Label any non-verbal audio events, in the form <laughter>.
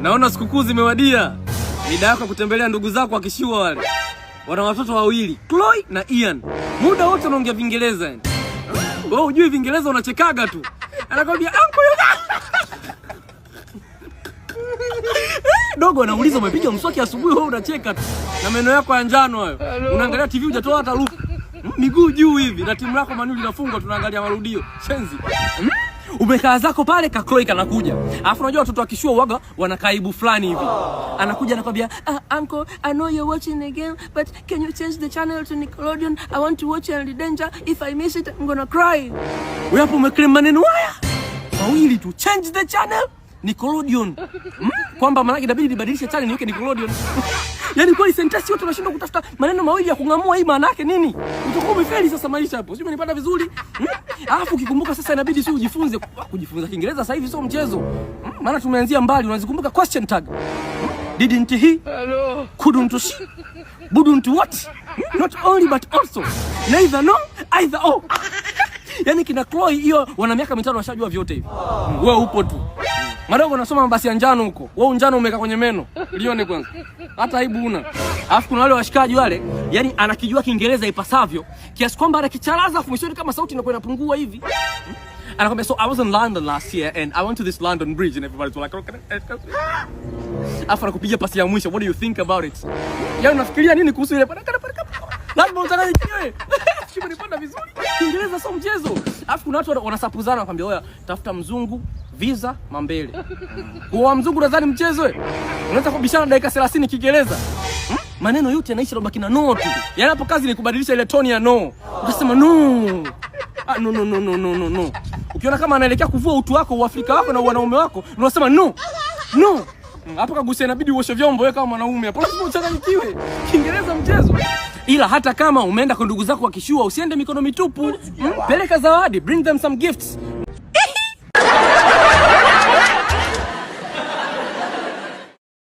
Naona sikukuu zimewadia, mida yako kutembelea ndugu zako wakishiwa. Wale wana watoto wawili, Chloe na Ian, muda wote unaongea Vingereza. Yani wewe hujui Vingereza, unachekaga tu, anakwambia <laughs> dogo anauliza umepiga mswaki asubuhi? Wewe unacheka tu na meno yako ya njano hayo, unaangalia TV hujatoa hata miguu juu hivi, na timu yako Manuli inafungwa, tunaangalia marudio shenzi. Hmm? umekaa zako pale, kakloi kanakuja, alafu unajua watoto wa wakishua uwaga wanakaibu fulani hivi, anakuja anakwambia, uh, ah, uncle I know you're watching the game but can you change the channel to Nickelodeon I want to watch Early Danger if I miss it I'm gonna cry. Wewe hapo umekrim maneno haya mawili tu, change the channel Nickelodeon. Hmm? Kwamba maana yake inabidi nibadilishe channel niweke Nickelodeon. <laughs> Yaani kweli sentensi yote unashindwa kutafuta maneno mawili ya kung'amua hii maana yake nini? Utakuwa umefeli sasa maisha hapo. Sio umenipata vizuri? Hmm? Alafu hmm? Ukikumbuka sasa inabidi si ujifunze kujifunza Kiingereza sasa hivi sio mchezo. Hmm? Maana tumeanzia mbali unazikumbuka question tag. Hmm? Didn't he? Hello. Couldn't she? Wouldn't what? Hmm? Not only but also. Neither no, either oh. <laughs> Yaani kina Chloe hiyo wana miaka mitano washajua vyote hivi. Oh. Wewe upo tu. Madogo nasoma mabasi ya njano huko. Wewe njano umeka kwenye meno. Lione kwanza. Hata aibu una. Alafu kuna wale washikaji wale, yani anakijua Kiingereza ipasavyo, kiasi kwamba anakicharaza afu mwishoni kama sauti inakuwa inapungua hivi. Hmm? Anakwambia so I was in London last year and I went to this London bridge and everybody was like okay. Afu anakupiga pasi ya mwisho. What do you think about it? Yaani unafikiria nini kuhusu ile? Lazima utakaje kiwe. <laughs> panda vizuri. Kiingereza sio mchezo. Alafu kuna watu wanasapuzana wanakuambia, "Oya, tafuta mzungu, visa mambele. Kwa mzungu nadhani mchezo wewe. Unaweza kubishana dakika 30 Kiingereza. Hmm? Maneno yote yanaisha roba kina no tu. Yaani hapo kazi ni kubadilisha ile toni ya no. Ukasema no. Ah, no no no no no no. Ukiona kama anaelekea kuvua utu wako, wa Afrika wako na wanaume wako, unasema no. No. Hapo kagusa inabidi uoshe vyombo wewe kama mwanaume. Hapo lazima uchanganyikiwe. Kiingereza mchezo. Ila hata kama umeenda kwa ndugu zako wakishua, usiende mikono mitupu. Hmm? Peleka zawadi, bring them some gifts.